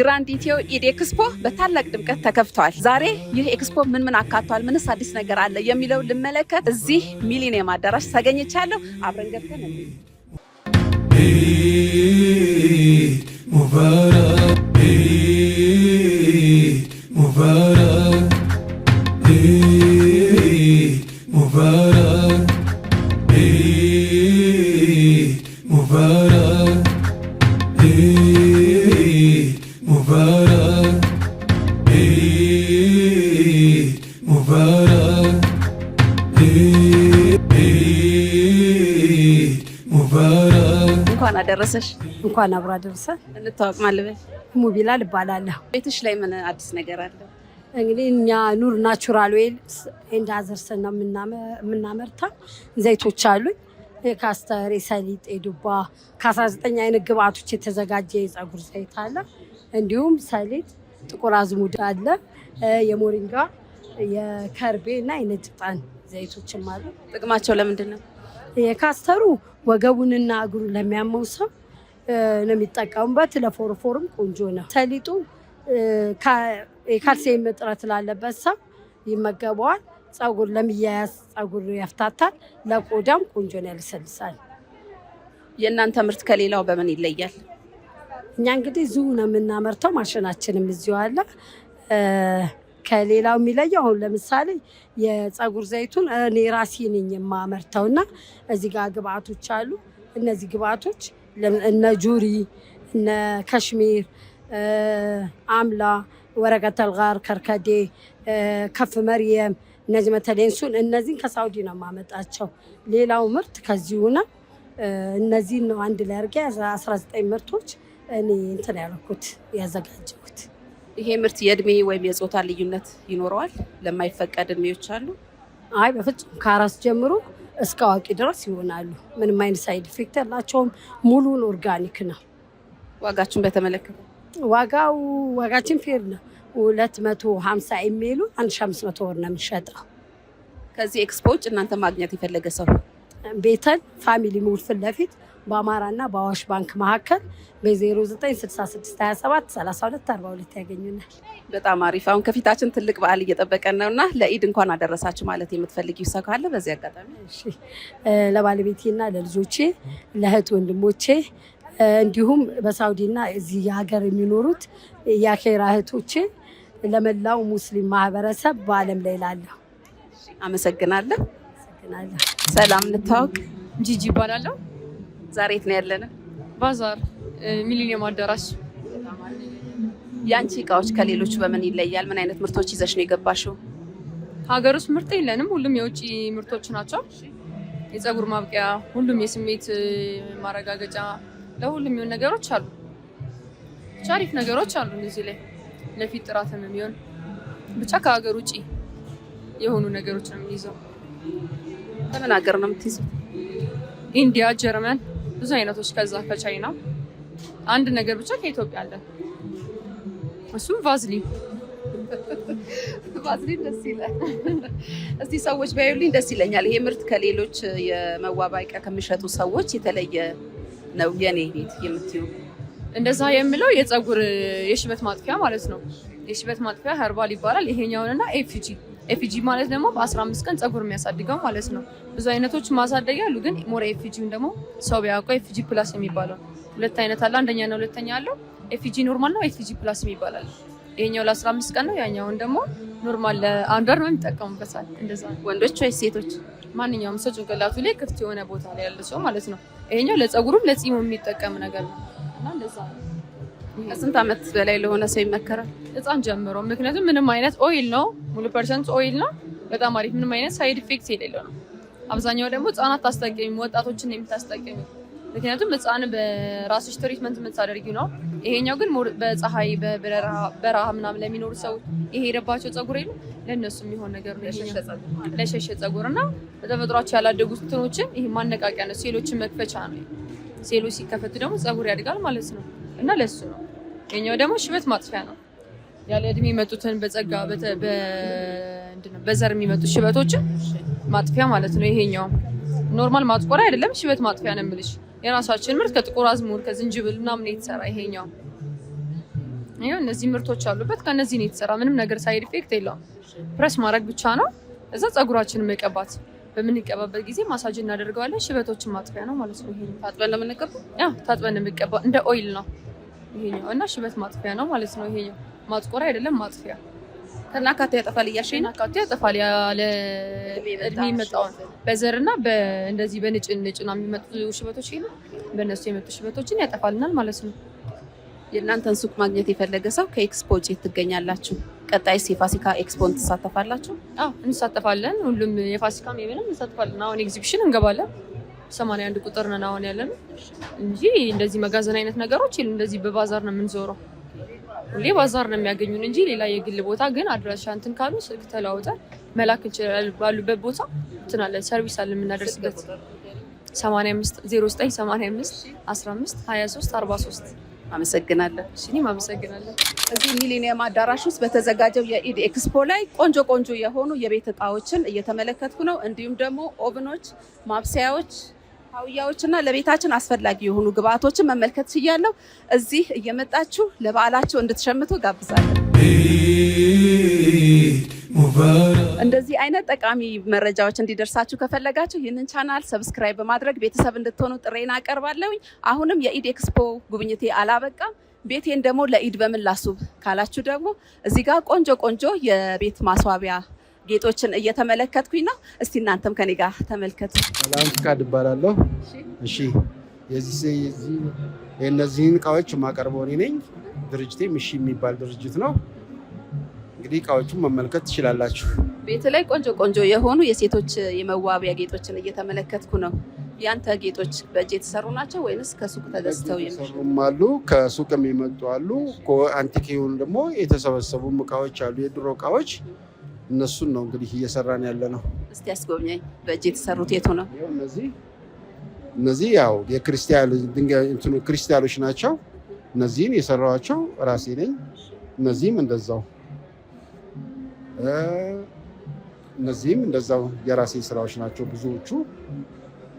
ግራንድ ኢትዮ ኢድ ኤክስፖ በታላቅ ድምቀት ተከፍቷል። ዛሬ ይህ ኤክስፖ ምን ምን አካቷል፣ ምንስ አዲስ ነገር አለ የሚለው ልመለከት እዚህ ሚሊኒየም አዳራሽ ተገኝቻለሁ። አብረን ገብተን ሙባረክ ሙባረክ እንኳን አደረሰሽ። እንኳን አብሮ አደረሰ። እንታወቅ ማለበት ሙቢላል እባላለሁ። ቤትሽ ላይ ምን አዲስ ነገር አለ? እንግዲህ እኛ ኑር ናቹራል ዌል ኤንድ አዘርስ ነው የምናመርተው። ዘይቶች አሉኝ የካስተር፣ የሰሊጥ፣ የዱባ ከ19 አይነት ግብአቶች የተዘጋጀ የፀጉር ዘይት አለ። እንዲሁም ሰሊጥ፣ ጥቁር አዝሙድ አለ፣ የሞሪንጋ፣ የከርቤ እና የነጭ ዕጣን ዘይቶችም አሉ። ጥቅማቸው ለምንድን ነው? የካስተሩ ወገቡንና እግሩን ለሚያመው ሰው ነው የሚጠቀሙበት። ለፎርፎርም ቆንጆ ነው። ሰሊጡ የካልሲየም እጥረት ላለበት ሰው ይመገበዋል። ፀጉር ለሚያያዝ ፀጉር ያፍታታል። ለቆዳም ቆንጆ ነው፣ ያልሰልሳል። የእናንተ ምርት ከሌላው በምን ይለያል? እኛ እንግዲህ እዚሁ ነው የምናመርተው። ማሽናችንም እዚሁ አለ። ከሌላው የሚለየው አሁን ለምሳሌ የፀጉር ዘይቱን እኔ ራሴ ነኝ የማመርተው እና እዚህ ጋር ግብአቶች አሉ። እነዚህ ግብአቶች እነ ጆሪ፣ እነ ከሽሚር፣ አምላ፣ ወረቀት አልጋር፣ ከርከዴ፣ ከፍ መርየም እነዚህ መተሌንሱን እነዚህን ከሳውዲ ነው የማመጣቸው። ሌላው ምርት ከዚሁ ነው። እነዚህን ነው አንድ ላይ አድርጌ 19 ምርቶች እኔ እንትን ያልኩት ያዘጋጀሁት። ይሄ ምርት የእድሜ ወይም የጾታ ልዩነት ይኖረዋል? ለማይፈቀድ እድሜዎች አሉ? አይ በፍጹም ከአራስ ጀምሮ እስከ አዋቂ ድረስ ይሆናሉ። ምንም አይነት ሳይድ ኢፌክት ያላቸውም ሙሉን ኦርጋኒክ ነው። ዋጋችን በተመለከተ ዋጋው ዋጋችን ፌር ነው። ሁለት መቶ ሀምሳ የሚሉ አንድ ሺ አምስት መቶ ወር ነው የምንሸጠው። ከዚህ ኤክስፖ ውጭ እናንተ ማግኘት የፈለገ ሰው ቤተን ፋሚሊ ሞል ፊት ለፊት በአማራና በአዋሽ ባንክ መካከል በ0966273242 ያገኙናል። በጣም አሪፍ። አሁን ከፊታችን ትልቅ በዓል እየጠበቀን ነው እና ለኢድ እንኳን አደረሳችሁ ማለት የምትፈልግ ሰው ካለ በዚህ አጋጣሚ ለባለቤቴና ለልጆቼ ለእህት ወንድሞቼ እንዲሁም በሳውዲና እዚህ ሀገር የሚኖሩት የአኼራ እህቶቼ ለመላው ሙስሊም ማህበረሰብ በዓለም ላይ ላለሁ አመሰግናለሁ። ሰላም፣ እንታወቅ። ጂጂ ይባላለሁ። ዛሬ የት ነው ያለነ? ባዛር ሚሊኒየም አዳራሽ። የአንቺ እቃዎች ከሌሎቹ በምን ይለያል? ምን አይነት ምርቶች ይዘሽ ነው የገባሽው? ሀገር ውስጥ ምርት የለንም፣ ሁሉም የውጭ ምርቶች ናቸው። የፀጉር ማብቂያ፣ ሁሉም የስሜት ማረጋገጫ፣ ለሁሉም የሚሆን ነገሮች አሉ። ብቻ አሪፍ ነገሮች አሉ እዚህ ላይ ለፊት ጥራትም የሚሆን ብቻ ከሀገር ውጭ የሆኑ ነገሮች ነው የምንይዘው። ከምን ሀገር ነው የምትይዘው? ኢንዲያ፣ ጀርመን ብዙ አይነቶች ከዛ ከቻይና አንድ ነገር ብቻ ከኢትዮጵያ አለ። እሱም ቫዝሊን ቫዝሊን ደስ ይላል። እስቲ ሰዎች ባዩልኝ ደስ ይለኛል። ይሄ ምርት ከሌሎች የመዋቢያ ከሚሸጡ ሰዎች የተለየ ነው። የኔ ቤት የምትዩ እንደዛ የምለው የፀጉር የሽበት ማጥፊያ ማለት ነው። የሽበት ማጥፊያ ሀርባል ይባላል። ይሄኛውንና ኤፍጂ ኤፍጂ ማለት ደግሞ በ15 ቀን ጸጉር የሚያሳድገው ማለት ነው። ብዙ አይነቶች ማሳደግ ያሉ ግን ሞራ ኤፍጂን ደግሞ ሰው ቢያውቀው ኤፍጂ ፕላስ የሚባለው ሁለት አይነት አለ። አንደኛ ነው ሁለተኛ አለው። ኤፍጂ ኖርማል ነው፣ ኤፍጂ ፕላስ የሚባላል። ይሄኛው ለ15 ቀን ነው፣ ያኛውን ደግሞ ኖርማል ለአንድ ወር ነው የሚጠቀሙበታል። እንደዛ ወንዶች ወይ ሴቶች? ማንኛውም ሰው ጭንቅላቱ ላይ ክፍት የሆነ ቦታ ላይ ያለ ሰው ማለት ነው። ይሄኛው ለጸጉሩም ለጺሙ የሚጠቀም ነገር ነው እና እንደዛ ነው። ከስንት ዓመት በላይ ለሆነ ሰው ይመከራል ህፃን ጀምሮ። ምክንያቱም ምንም አይነት ኦይል ነው፣ ሙሉ ፐርሰንት ኦይል ነው። በጣም አሪፍ ምንም አይነት ሳይድ ኢፌክት የሌለው ነው። አብዛኛው ደግሞ ህፃናት ታስጠቀሚ፣ ወጣቶችን የምታስጠቀሚ ምክንያቱም ህፃን በራስሽ ትሪትመንት የምታደርጊ ነው። ይሄኛው ግን በፀሐይ በበረሃ ምናምን ለሚኖሩ ሰው የሄደባቸው ፀጉር የሉ ለእነሱ የሚሆን ነገር ለሸሸ ፀጉር እና በተፈጥሯቸው ያላደጉ ትኖችን ይህ ማነቃቂያ ነው። ሴሎችን መክፈቻ ነው። ሴሎች ሲከፈቱ ደግሞ ፀጉር ያድጋል ማለት ነው እና ለሱ ነው የኛው ደግሞ ሽበት ማጥፊያ ነው። ያለ እድሜ የመጡትን በጸጋ በዘር የሚመጡ ሽበቶችን ማጥፊያ ማለት ነው። ይሄኛው ኖርማል ማጥቆሪያ አይደለም፣ ሽበት ማጥፊያ ነው የምልሽ። የራሳችን ምርት ከጥቁር አዝሙድ ከዝንጅብል ምናምን የተሰራ ይሄኛው። ይኸው እነዚህ ምርቶች አሉበት። ከእነዚህ ነው የተሰራ። ምንም ነገር ሳይድ ኢፌክት የለውም። ፕረስ ማድረግ ብቻ ነው። እዛ ጸጉራችንን መቀባት በምንቀባበት ጊዜ ማሳጅ እናደርገዋለን። ሽበቶችን ማጥፊያ ነው ማለት ነው። ታጥበን ለምንቀባ ታጥበን የሚቀባ እንደ ኦይል ነው ይሄኛው እና ሽበት ማጥፊያ ነው ማለት ነው። ይሄኛው ማጥቆር አይደለም ማጥፊያ እና ያጠፋል እያሸኝ አካቴ ያጠፋል ያለ እድሜ የመጣውን በዘርና እንደዚህ ነው የሚመጡ ሽበቶች ይሄ በእነሱ የመጡ ሽበቶችን ያጠፋልናል ማለት ነው። የእናንተን ሱቅ ማግኘት የፈለገ ሰው ከኤክስፖ ውጭ ትገኛላችሁ። ቀጣይስ የፋሲካ ኤክስፖን ትሳተፋላችሁ? እንሳተፋለን። ሁሉም የፋሲካም የምንም እንሳተፋለን። አሁን ኤግዚቢሽን እንገባለን። ሰማንያ አንድ ቁጥር ነን አሁን ያለን እንጂ እንደዚህ መጋዘን አይነት ነገሮች የሉ። እንደዚህ በባዛር ነው የምንዞረው። ሁሌ ባዛር ነው የሚያገኙን እንጂ ሌላ የግል ቦታ ግን አድራሻ እንትን ካሉ ስልክ ተለዋውጠን መላክ እንችላለን። ባሉበት ቦታ እንትን አለን፣ ሰርቪስ አለ የምናደርስበት 85 09 85 15 23 43 አመሰግናለሁ። እኔም አመሰግናለሁ። እዚህ ሚሊኒየም አዳራሽ ውስጥ በተዘጋጀው የኢድ ኤክስፖ ላይ ቆንጆ ቆንጆ የሆኑ የቤት እቃዎችን እየተመለከትኩ ነው። እንዲሁም ደግሞ ኦቭኖች፣ ማብሰያዎች ካውያዎችና ለቤታችን አስፈላጊ የሆኑ ግብዓቶችን መመልከት ችያለሁ። እዚህ እየመጣችሁ ለበዓላችሁ እንድትሸምቱ ጋብዛለሁ። እንደዚህ አይነት ጠቃሚ መረጃዎች እንዲደርሳችሁ ከፈለጋችሁ ይህንን ቻናል ሰብስክራይብ በማድረግ ቤተሰብ እንድትሆኑ ጥሬን አቀርባለሁ አሁንም የኢድ ኤክስፖ ጉብኝቴ አላበቃም። ቤቴን ደግሞ ለኢድ በምን ላሱብ ካላችሁ ደግሞ እዚህ ጋር ቆንጆ ቆንጆ የቤት ማስዋቢያ ጌጦችን እየተመለከትኩኝ ነው። እስቲ እናንተም ከኔ ጋር ተመልከቱ። ሰላም ፍቃድ እባላለሁ። እሺ የእነዚህን እቃዎች የማቀርበው እኔ ነኝ። ድርጅቴ ምሺ የሚባል ድርጅት ነው። እንግዲህ እቃዎቹን መመልከት ትችላላችሁ። ቤት ላይ ቆንጆ ቆንጆ የሆኑ የሴቶች የመዋቢያ ጌጦችን እየተመለከትኩ ነው። ያንተ ጌጦች በእጅ የተሰሩ ናቸው ወይንስ ከሱቅ ተገዝተው የሚሰሩም አሉ? ከሱቅ የሚመጡ አሉ። አንቲክ የሆኑ ደግሞ የተሰበሰቡም እቃዎች አሉ፣ የድሮ እቃዎች እነሱን ነው እንግዲህ እየሰራን ያለ ነው። እስቲ በእጅ የተሰሩት የቱ ነው? እነዚህ ያው ክርስቲያኖች ናቸው። እነዚህን የሰራኋቸው ራሴ ነኝ። እነዚህም እንደዛው እነዚህም እንደዛው የራሴ ስራዎች ናቸው ብዙዎቹ።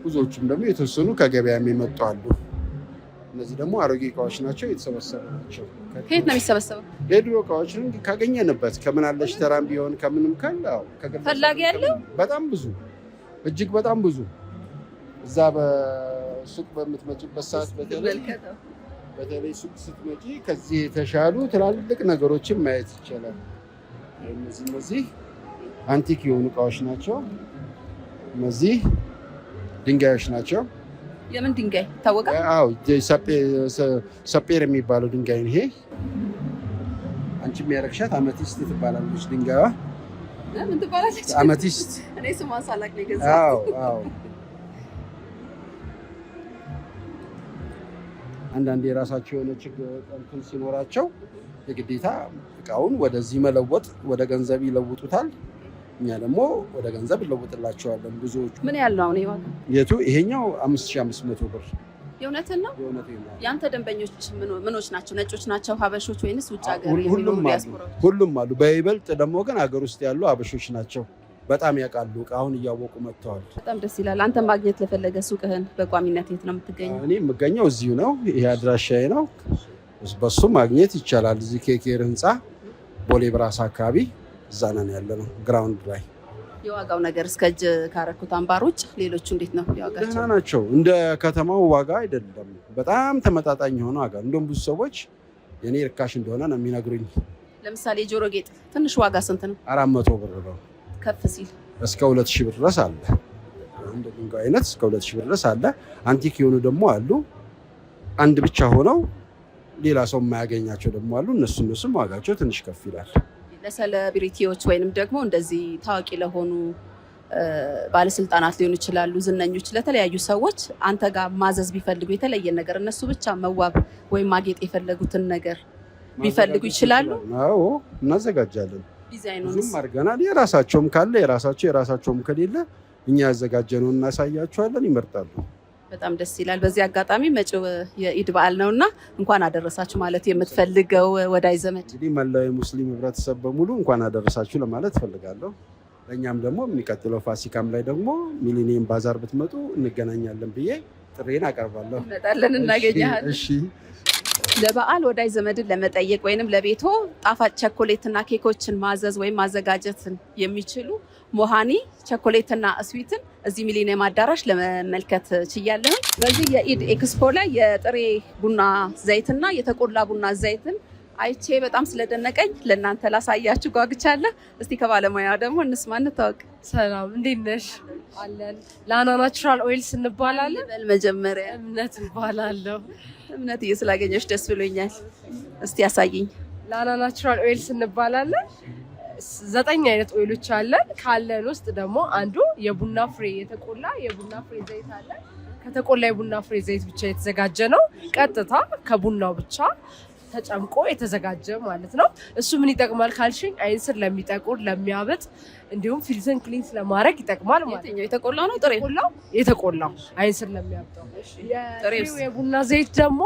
ብዙዎቹም ደግሞ የተወሰኑ ከገበያም የመጡ አሉ። እነዚህ ደግሞ አሮጌ እቃዎች ናቸው፣ የተሰበሰቡ ናቸው። ከየት ነው የሚሰበሰበው? የድሮ እቃዎችን ካገኘንበት ከምናለሽ ተራም ቢሆን ከምንም ካለ ፈላጊ ያለው በጣም ብዙ እጅግ በጣም ብዙ እዛ በሱቅ በምትመጪበት ሰዓት በተለይ ሱቅ ስትመጪ ከዚህ የተሻሉ ትላልቅ ነገሮችን ማየት ይቻላል። እነዚህ እነዚህ አንቲክ የሆኑ እቃዎች ናቸው። እነዚህ ድንጋዮች ናቸው። የምን ድንጋይ ይታወቃል? ሰጴር የሚባለው ድንጋይ ነው ይሄ። አንቺ የሚያረግሻት አመቲስት ትባላለች ድንጋዋ ምን ትባላለች? አመቲስት። እኔ ስሟን ሳላቅ ነው አዎ የራሳቸው የሆነ ችግር ሲኖራቸው የግዴታ እቃውን ወደዚህ መለወጥ ወደ ገንዘብ ይለውጡታል። እኛ ደግሞ ወደ ገንዘብ እንለውጥላቸዋለን። ብዙዎቹ ምን ያለው አሁን ይዋጋ የቱ ይሄኛው 5500 ብር የእውነትን ነው። የአንተ ደንበኞች ምኖች ናቸው? ነጮች ናቸው፣ ሀበሾች ወይንስ ውጭ ሀገር? ሁሉም አሉ። በይበልጥ ደግሞ ግን ሀገር ውስጥ ያሉ ሀበሾች ናቸው። በጣም ያውቃሉ። አሁን እያወቁ መጥተዋል። በጣም ደስ ይላል። አንተ ማግኘት ለፈለገ ሱቅህን በቋሚነት የት ነው የምትገኘው? እኔ የምገኘው እዚሁ ነው። ይሄ አድራሻዬ ነው። በሱ ማግኘት ይቻላል። እዚህ ኬኬር ህንፃ ቦሌ ብራስ አካባቢ እዛ ነን ያለ ነው ግራውንድ ላይ። የዋጋው ነገር እስከ እጅ ካረኩት አምባር ውጭ ሌሎቹ እንዴት ነው ዋጋቸው? ደህና ናቸው። እንደ ከተማው ዋጋ አይደለም፣ በጣም ተመጣጣኝ የሆነ ዋጋ። እንደውም ብዙ ሰዎች የኔ ርካሽ እንደሆነ ነው የሚነግሩኝ። ለምሳሌ የጆሮ ጌጥ ትንሽ ዋጋ ስንት ነው? አራት መቶ ብር ነው። ከፍ ሲል እስከ ሁለት ሺህ ብር ድረስ አለ። አንድ ድንጋይ አይነት እስከ ሁለት ሺህ ብር ድረስ አለ። አንቲክ የሆኑ ደግሞ አሉ። አንድ ብቻ ሆነው ሌላ ሰው የማያገኛቸው ደግሞ አሉ። እነሱ እነሱም ዋጋቸው ትንሽ ከፍ ይላል። ለሰለብሪቲዎች ወይንም ደግሞ እንደዚህ ታዋቂ ለሆኑ ባለስልጣናት ሊሆኑ ይችላሉ፣ ዝነኞች፣ ለተለያዩ ሰዎች አንተ ጋር ማዘዝ ቢፈልጉ የተለየ ነገር እነሱ ብቻ መዋብ ወይም ማጌጥ የፈለጉትን ነገር ቢፈልጉ ይችላሉ። አዎ እናዘጋጃለን። ዲዛይኑንም አድርገናል። የራሳቸውም ካለ የራሳቸው የራሳቸውም ከሌለ እኛ ያዘጋጀነውን እናሳያቸዋለን፣ ይመርጣሉ። በጣም ደስ ይላል። በዚህ አጋጣሚ መጪው የኢድ በዓል ነው እና እንኳን አደረሳችሁ ማለት የምትፈልገው ወዳጅ ዘመድ እንግዲህ መላው የሙስሊም ህብረተሰብ በሙሉ እንኳን አደረሳችሁ ለማለት እፈልጋለሁ። ለእኛም ደግሞ የሚቀጥለው ፋሲካም ላይ ደግሞ ሚሊኒየም ባዛር ብትመጡ እንገናኛለን ብዬ ጥሬን አቀርባለሁ። እንመጣለን፣ እናገኛለን። ለበዓል ወዳጅ ዘመድን ለመጠየቅ ወይንም ለቤቶ ጣፋጭ ቸኮሌትና ኬኮችን ማዘዝ ወይም ማዘጋጀትን የሚችሉ ሞሃኒ ቸኮሌትና እስዊትን እዚህ ሚሊኒየም አዳራሽ ለመመልከት ችያለሁ። በዚህ የኢድ ኤክስፖ ላይ የጥሬ ቡና ዘይትና የተቆላ ቡና ዘይትን አይቼ በጣም ስለደነቀኝ ለእናንተ ላሳያችሁ ጓግቻለ እስቲ ከባለሙያ ደግሞ እንስማ እንታወቅ። ሰላም እንዴት ነሽ? አለን ላና ናቹራል ኦይልስ እንባላለን። መጀመሪያ እምነት እባላለሁ። እምነት እየ ስላገኘሽ ደስ ብሎኛል። እስቲ ያሳይኝ። ላና ናቹራል ኦይልስ እንባላለን። ዘጠኝ አይነት ኦይሎች አለን። ካለን ውስጥ ደግሞ አንዱ የቡና ፍሬ የተቆላ የቡና ፍሬ ዘይት አለን። ከተቆላ የቡና ፍሬ ዘይት ብቻ የተዘጋጀ ነው። ቀጥታ ከቡናው ብቻ ተጨምቆ የተዘጋጀ ማለት ነው። እሱ ምን ይጠቅማል ካልሽኝ አይን ስር ለሚጠቁር ለሚያበጥ እንዲሁም ፊልትን ክሊንስ ለማድረግ ይጠቅማል ማለት ነው። የተቆላ ነው ጥሬ የተቆላው አይን ስር ለሚያብጠው። የቡና ዘይት ደግሞ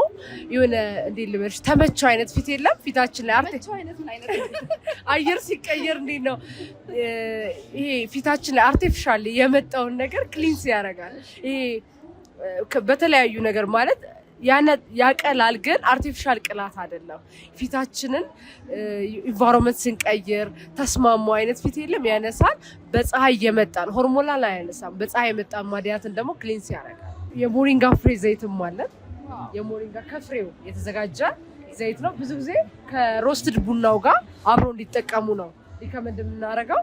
የሆነ እንዴት ልበልሽ ተመቸው አይነት ፊት የለም ፊታችን ላይ አርቴ አየር ሲቀየር እንዴት ነው ይሄ ፊታችን ላይ አርቴፊሻል የመጣውን ነገር ክሊንስ ያደርጋል። ይሄ በተለያዩ ነገር ማለት ያቀላል ግን አርቲፊሻል ቅላት አይደለም። ፊታችንን ኢንቫይሮንመንት ስንቀይር ተስማሙ አይነት ፊት የለም ያነሳል። በፀሐይ የመጣን ሆርሞናል አያነሳም። በፀሐይ የመጣን ማዲያትን ደግሞ ክሊንስ ያደርጋል። የሞሪንጋ ፍሬ ዘይትም አለን። የሞሪንጋ ከፍሬው የተዘጋጀ ዘይት ነው። ብዙ ጊዜ ከሮስትድ ቡናው ጋር አብሮ እንዲጠቀሙ ነው ሪከመንድ የምናደርገው።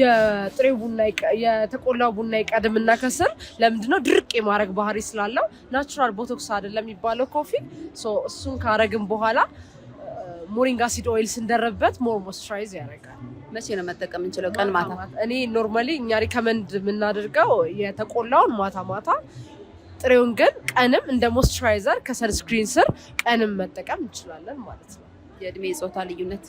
የጥሬ ቡና የተቆላው ቡና ይቀድምና ከስር ለምንድነው ድርቅ የማድረግ ባህሪ ስላለው ናቹራል ቦቶክስ አይደለም የሚባለው ኮፊ። እሱን ካረግን በኋላ ሞሪንጋ ሲድ ኦይል ስንደረበት ሞር ሞይስቸራይዝ ያደርጋል። መቼ ነው መጠቀም እንችለው? ቀን ማታ? እኔ ኖርማሊ እኛ ሪከመንድ የምናደርገው የተቆላውን ማታ ማታ ጥሬውን ግን ቀንም እንደ ሞይስቸራይዘር ከሰንስክሪን ስር ቀንም መጠቀም እንችላለን ማለት ነው። የእድሜ ጾታ ልዩነት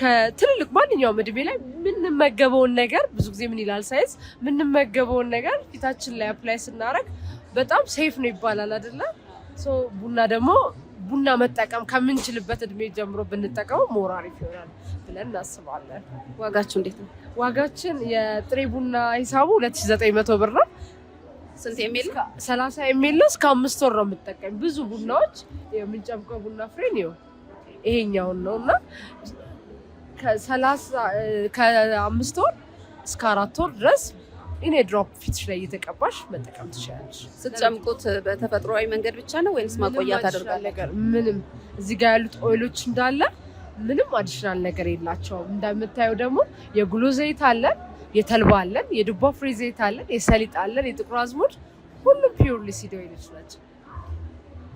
ከትልልቅ ማንኛውም እድሜ ላይ የምንመገበውን ነገር ብዙ ጊዜ ምን ይላል ሳይንስ፣ የምንመገበውን ነገር ፊታችን ላይ አፕላይ ስናደርግ በጣም ሴፍ ነው ይባላል አይደለ? ቡና ደግሞ ቡና መጠቀም ከምንችልበት እድሜ ጀምሮ ብንጠቀመው ሞር አሪፍ ይሆናል ብለን እናስባለን። ዋጋችሁ እንዴት ነው? ዋጋችን የጥሬ ቡና ሂሳቡ ሁለት ሺህ ዘጠኝ መቶ ብር ነው። ስንት የሚል ሰላሳ የሚል ነው። እስከ አምስት ወር ነው የምጠቀም ብዙ ቡናዎች የምንጨምቀው ቡና ፍሬን ይሆን ይሄኛውን ነው እና ከአምስት ወር እስከ አራት ወር ድረስ ኢኔ ድሮፕ ፊትሽ ላይ እየተቀባሽ መጠቀም ትችላለች። ስትጨምቁት በተፈጥሯዊ መንገድ ብቻ ነው ወይንስ ማቆያ ታደርጋለሽ? ምንም እዚህ ጋር ያሉት ኦይሎች እንዳለ ምንም አዲሽናል ነገር የላቸውም። እንደምታየው ደግሞ የጉሎ ዘይት አለን፣ የተልባ አለን፣ የዱባ ፍሬ ዘይት አለን፣ የሰሊጥ አለን፣ የጥቁር አዝሙድ ሁሉም ፒውርሊ ሲድ ኦይሎች ናቸው።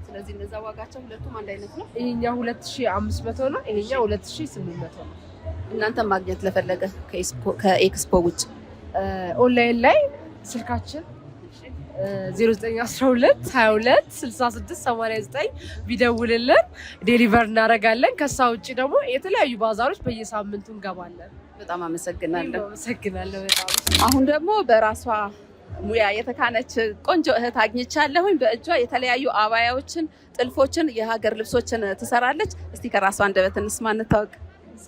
ስለዚህ እነዛ ዋጋቸው ሁለቱም አንድ አይነት ነው። ይሄኛው ሁለት ሺ አምስት መቶ ነው። ይሄኛው ሁለት ሺ ስምንት መቶ ነው። እናንተ ማግኘት ለፈለገ ከኤክስፖ ውጭ ኦንላይን ላይ ስልካችን 0912 22 66 89 ቢደውልልን ዴሊቨር እናደርጋለን። ከሳ ውጭ ደግሞ የተለያዩ ባዛሮች በየሳምንቱ እንገባለን። በጣም አመሰግናለሁ። አመሰግናለሁ። አሁን ደግሞ በራሷ ሙያ የተካነች ቆንጆ እህት አግኝቻለሁኝ። በእጇ የተለያዩ አባያዎችን፣ ጥልፎችን፣ የሀገር ልብሶችን ትሰራለች። እስቲ ከራሷ አንደበት እንስማ፣ እንታወቅ።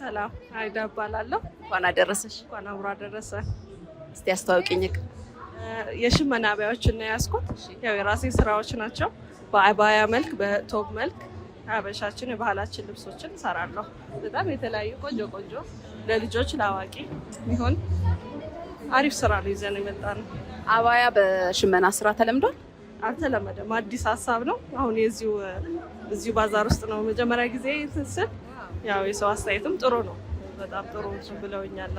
ሰላም አይዳ እባላለሁ። እንኳን አደረሰሽ። እንኳን አብሮ አደረሰ። እስቲ አስተዋውቂኝ። የሽመና አባያዎችን ነው ያዝኩት። ያው የራሴ ስራዎች ናቸው። በአባያ መልክ፣ በቶብ መልክ አበሻችን የባህላችን ልብሶችን እሰራለሁ። በጣም የተለያዩ ቆንጆ ቆንጆ ለልጆች ለአዋቂ የሚሆን አሪፍ ስራ ነው ይዘን የመጣ ነው። አባያ በሽመና ስራ ተለምዷል? አልተለመደም። አዲስ ሀሳብ ነው። አሁን የዚሁ እዚሁ ባዛር ውስጥ ነው መጀመሪያ ጊዜ ስል ያው የሰው አስተያየትም ጥሩ ነው። በጣም ጥሩ ብለውኛል።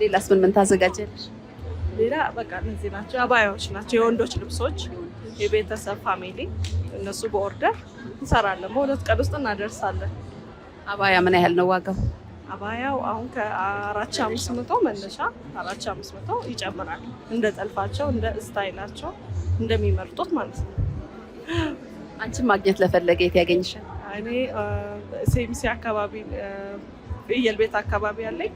ሌላስ ምን ምን ታዘጋጃለሽ? ሌላ በቃ እነዚህ ናቸው፣ አባያዎች ናቸው። የወንዶች ልብሶች የቤተሰብ ፋሚሊ፣ እነሱ በኦርደር እንሰራለን። በሁለት ቀን ውስጥ እናደርሳለን። አባያ ምን ያህል ነው ዋጋው? አባያው አሁን ከአራት ሺህ አምስት መቶ መነሻ አራት ሺህ አምስት መቶ ይጨምራል። እንደ ጠልፋቸው እንደ ስታይላቸው እንደሚመርጡት ማለት ነው። አንቺን ማግኘት ለፈለገ የት ያገኝሻል? እኔ ሴምሲ አካባቢ እየል ቤት አካባቢ ያለኝ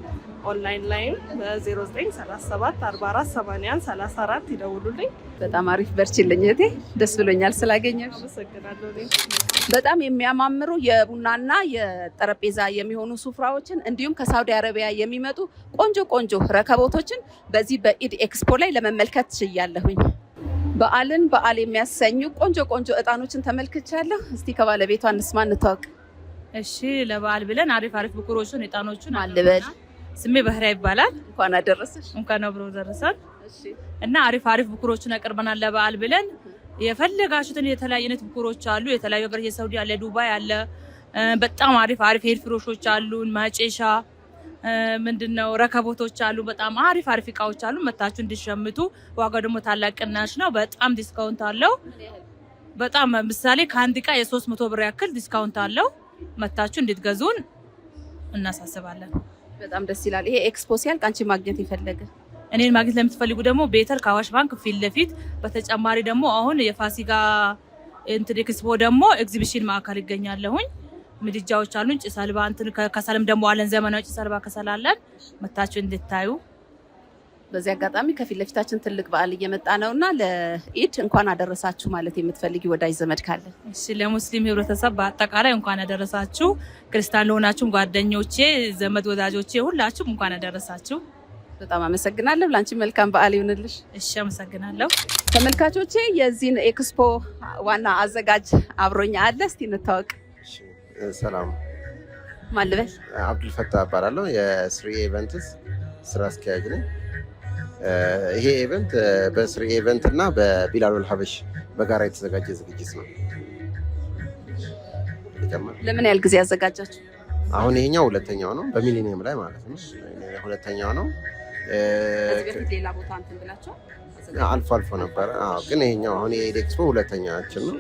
ኦንላይን ላይም በ0937448134 ይደውሉልኝ። በጣም አሪፍ በርችልኝ እህቴ። ደስ ብሎኛል ስላገኘሽ። አመሰግናለሁ። በጣም የሚያማምሩ የቡናና የጠረጴዛ የሚሆኑ ሱፍራዎችን እንዲሁም ከሳውዲ አረቢያ የሚመጡ ቆንጆ ቆንጆ ረከቦቶችን በዚህ በኢድ ኤክስፖ ላይ ለመመልከት ችያለሁኝ። በዓልን በዓል የሚያሰኙ ቆንጆ ቆንጆ እጣኖችን ተመልክቻለሁ። እስቲ ከባለቤቷ እንስማ እንታወቅ። እሺ ለበዓል ብለን አሪፍ አሪፍ ብኩሮችን እጣኖችን አልበል። ስሜ ባህሪያ ይባላል። እንኳን አደረሰሽ። እንኳን አብሮ ደረሰን እና አሪፍ አሪፍ ብኩሮችን አቅርበናል ለበዓል ብለን የፈለጋችሁትን የተለያዩ አይነት ብኩሮች አሉ። የተለያዩ ሀገር የሳውዲ አለ፣ ዱባይ አለ። በጣም አሪፍ አሪፍ ሄድ ፍሮሾች አሉ። ማጨሻ ምንድነው ረከቦቶች አሉ። በጣም አሪፍ አሪፍ እቃዎች አሉ። መታችሁ እንዲሸምቱ። ዋጋው ደግሞ ታላቅ ቅናሽ ነው። በጣም ዲስካውንት አለው። በጣም ምሳሌ ከአንድ እቃ የሶስት መቶ ብር ያክል ዲስካውንት አለው። መታችሁ እንድትገዙን እናሳስባለን። በጣም ደስ ይላል። ይሄ ኤክስፖ ሲያልቅ አንቺ ማግኘት የፈለገ እኔን ማግኘት ለምትፈልጉ ደግሞ ቤተር ከአዋሽ ባንክ ፊት ለፊት፣ በተጨማሪ ደግሞ አሁን የፋሲካ እንትን ኤክስፖ ደግሞ ኤግዚቢሽን ማዕከል ይገኛለሁኝ። ምድጃዎች አሉን። ጭስ አልባ እንትን ከሰልም ደግሞ አለን። ዘመናዊ ጭስ አልባ ከሰል አለን። መታችሁ እንድታዩ። በዚህ አጋጣሚ ከፊት ለፊታችን ትልቅ በዓል እየመጣ ነው እና ለኢድ እንኳን አደረሳችሁ ማለት የምትፈልጊ ወዳጅ ዘመድ ካለ? እሺ፣ ለሙስሊም ህብረተሰብ በአጠቃላይ እንኳን አደረሳችሁ። ክርስቲያን ለሆናችሁም ጓደኞቼ፣ ዘመድ ወዳጆቼ ሁላችሁም እንኳን አደረሳችሁ። በጣም አመሰግናለሁ። ለአንቺ መልካም በዓል ይሁንልሽ። እሺ፣ አመሰግናለሁ። ተመልካቾቼ የዚህን ኤክስፖ ዋና አዘጋጅ አብሮኛ አለ። እስቲ እንታወቅ። ሰላም ማልበል አብዱልፈታ እባላለሁ። የስሪ ኤቨንትስ ስራ አስኪያጅ ነኝ። ይሄ ኤቨንት በስሪ ኤቨንት እና በቢላሉል ሀበሽ በጋራ የተዘጋጀ ዝግጅት ነው። ለምን ያህል ጊዜ ያዘጋጃችሁ? አሁን ይሄኛው ሁለተኛው ነው፣ በሚሊኒየም ላይ ማለት ነው። ሁለተኛው ነው። አልፎ አልፎ ነበረ። ግን ይሄኛው አሁን የኢድ ኤክስፖ ሁለተኛችን ነው።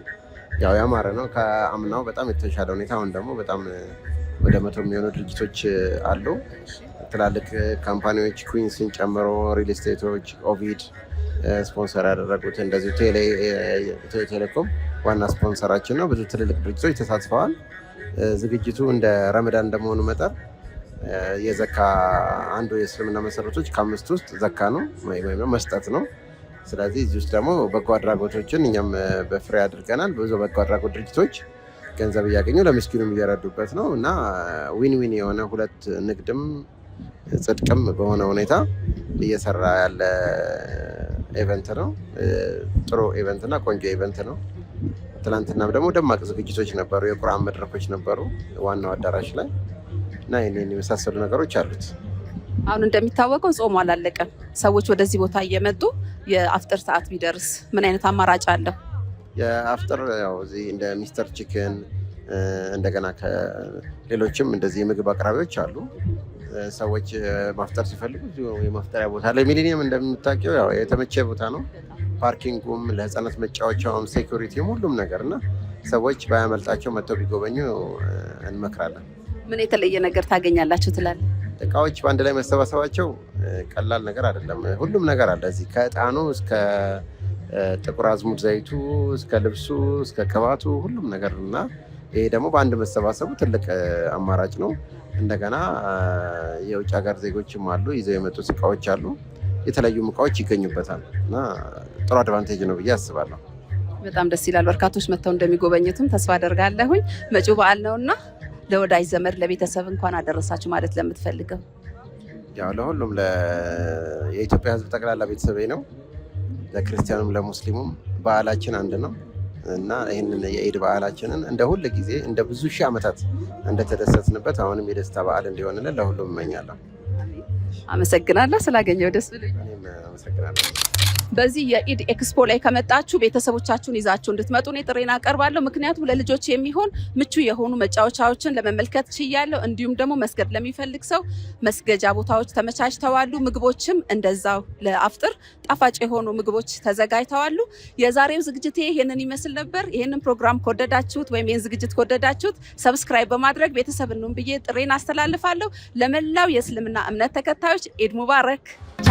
ያው ያማረ ነው ከአምናው በጣም የተሻለ ሁኔታ። አሁን ደግሞ በጣም ወደ መቶ የሚሆኑ ድርጅቶች አሉ። ትላልቅ ካምፓኒዎች ኩዊንስን ጨምሮ ሪል ስቴቶች፣ ኦቪድ ስፖንሰር ያደረጉት እንደዚሁ ኢትዮ ቴሌኮም ዋና ስፖንሰራችን ነው። ብዙ ትልልቅ ድርጅቶች ተሳትፈዋል። ዝግጅቱ እንደ ረመዳን እንደመሆኑ መጠን የዘካ አንዱ የእስልምና መሰረቶች ከአምስት ውስጥ ዘካ ነው ወይም መስጠት ነው። ስለዚህ እዚህ ውስጥ ደግሞ በጎ አድራጎቶችን እኛም በፍሬ አድርገናል። ብዙ በጎ አድራጎት ድርጅቶች ገንዘብ እያገኙ ለምስኪኑም እየረዱበት ነው እና ዊን ዊን የሆነ ሁለት ንግድም ጽድቅም በሆነ ሁኔታ እየሰራ ያለ ኤቨንት ነው። ጥሩ ኤቨንት እና ቆንጆ ኢቨንት ነው። ትናንትናም ደግሞ ደማቅ ዝግጅቶች ነበሩ። የቁርአን መድረኮች ነበሩ ዋናው አዳራሽ ላይ እና ይህን የመሳሰሉ ነገሮች አሉት። አሁን እንደሚታወቀው ጾሙ አላለቀም። ሰዎች ወደዚህ ቦታ እየመጡ የአፍጥር ሰዓት ቢደርስ ምን አይነት አማራጭ አለው? የአፍጥር ያው እዚህ እንደ ሚስተር ቺክን እንደገና ከሌሎችም እንደዚህ የምግብ አቅራቢዎች አሉ። ሰዎች ማፍጠር ሲፈልጉ የማፍጠሪያ ቦታ ላይ ሚሊኒየም እንደምታውቂው ያው የተመቸ ቦታ ነው። ፓርኪንጉም፣ ለህፃናት መጫወቻውም፣ ሴኩሪቲም ሁሉም ነገር እና ሰዎች ባያመልጣቸው መጥተው ቢጎበኙ እንመክራለን። ምን የተለየ ነገር ታገኛላችሁ ትላለ እቃዎች በአንድ ላይ መሰባሰባቸው ቀላል ነገር አይደለም። ሁሉም ነገር አለ እዚህ ከእጣኑ እስከ ጥቁር አዝሙድ ዘይቱ እስከ ልብሱ እስከ ቅባቱ ሁሉም ነገር እና ይሄ ደግሞ በአንድ መሰባሰቡ ትልቅ አማራጭ ነው። እንደገና የውጭ ሀገር ዜጎችም አሉ ይዘው የመጡት እቃዎች አሉ። የተለያዩ እቃዎች ይገኙበታል እና ጥሩ አድቫንቴጅ ነው ብዬ አስባለሁ። በጣም ደስ ይላል። በርካቶች መጥተው እንደሚጎበኙትም ተስፋ አደርጋለሁኝ። መጪው በዓል ነውና ለወዳጅ ዘመድ ለቤተሰብ እንኳን አደረሳችሁ ማለት ለምትፈልገው? ያው ለሁሉም የኢትዮጵያ ሕዝብ ጠቅላላ ቤተሰቤ ነው። ለክርስቲያኑም ለሙስሊሙም በዓላችን አንድ ነው እና ይህንን የኢድ በዓላችንን እንደ ሁል ጊዜ እንደ ብዙ ሺህ ዓመታት እንደተደሰትንበት አሁንም የደስታ በዓል እንዲሆንልን ለሁሉም እመኛለሁ። አመሰግናለሁ ስላገኘው ደስ ብሎኝ። አመሰግናለሁ። በዚህ የኢድ ኤክስፖ ላይ ከመጣችሁ ቤተሰቦቻችሁን ይዛችሁ እንድትመጡ እኔ ጥሬን አቀርባለሁ። ምክንያቱም ለልጆች የሚሆን ምቹ የሆኑ መጫወቻዎችን ለመመልከት ችያለሁ። እንዲሁም ደግሞ መስገድ ለሚፈልግ ሰው መስገጃ ቦታዎች ተመቻችተዋሉ። ምግቦችም እንደዛው ለአፍጥር ጣፋጭ የሆኑ ምግቦች ተዘጋጅተዋሉ። የዛሬው ዝግጅቴ ይህንን ይመስል ነበር። ይህንን ፕሮግራም ከወደዳችሁት ወይም ይህን ዝግጅት ከወደዳችሁት ሰብስክራይብ በማድረግ ቤተሰብ እንሁን ብዬ ጥሬን አስተላልፋለሁ። ለመላው የእስልምና እምነት ተከታዮች ኢድ ሙባረክ ቻ